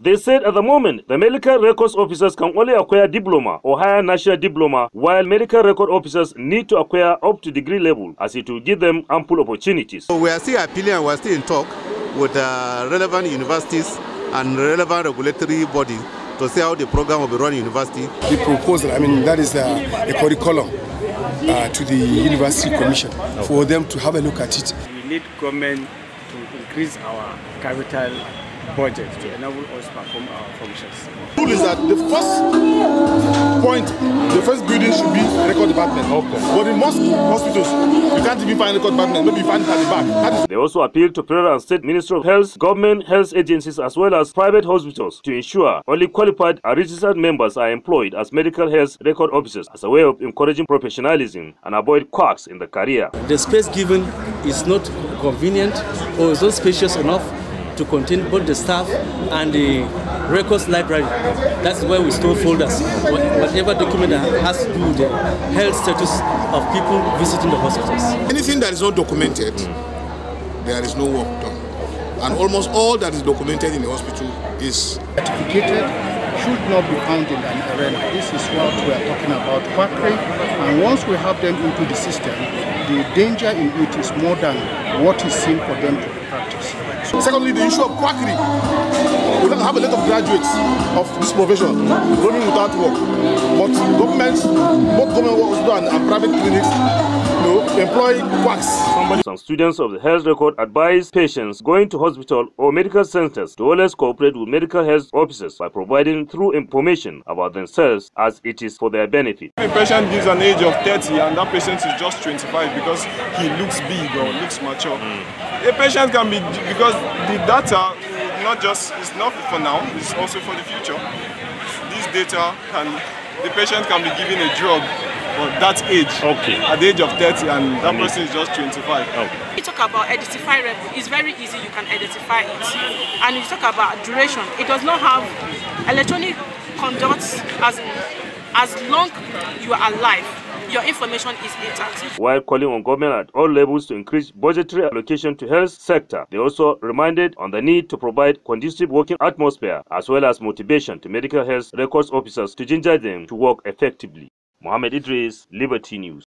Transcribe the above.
They said at the moment, the medical records officers can only acquire diploma or higher national diploma, while medical record officers need to acquire up to degree level, as it will give them ample opportunities. So we are still appealing and we are still in talk with the uh, relevant universities and relevant regulatory bodies to see how the program will be run in university. The proposal, I mean, that is a, uh, a curriculum uh, to the university commission for them to have a look at it. We need government to increase our capital budget to enable us perform our functions. The rule is that the first point, the first building should be record department. Okay. But in most hospitals, you can't even find record department. Maybe find it at the back. They also appeal to federal and state minister of health, government health agencies, as well as private hospitals to ensure only qualified and registered members are employed as medical health record officers as a way of encouraging professionalism and avoid quirks in the career. The space given is not convenient or is not spacious enough to contain both the staff and the records library. That's where we store folders, whatever document that has to do with the health status of people visiting the hospitals. Anything that is not documented, there is no work done. And almost all that is documented in the hospital is certificated should not be found in an arena. This is what we are talking about quackery. And once we have them into the system, the danger in it is more than what is seen for them to be Secondly, the issue of quackery. We don't have a lot of graduates of this profession running without work. But governments, both government hospitals and private clinics employ quacks. Somebody. Some students of the health record advise patients going to hospital or medical centers to always cooperate with medical health officers by providing true information about themselves as it is for their benefit. A patient gives an age of 30 and that patient is just 25 because he looks big or looks mature. Mm. A patient can be, because the data not just, it's not for now, it's also for the future. This data can, the patient can be given a drug but that age. Okay. At the age of 30 and that and mm-hmm. person is just 25. Okay. You talk about identify rebel, it's very easy, you can identify it. And you talk about duration, it does not have electronic conduct as, as long you are alive. Your information is intact. While calling on government at all levels to increase budgetary allocation to health sector, they also reminded on the need to provide conducive working atmosphere as well as motivation to medical health records officers to ginger them to work effectively. Mohammed Idris, Liberty News.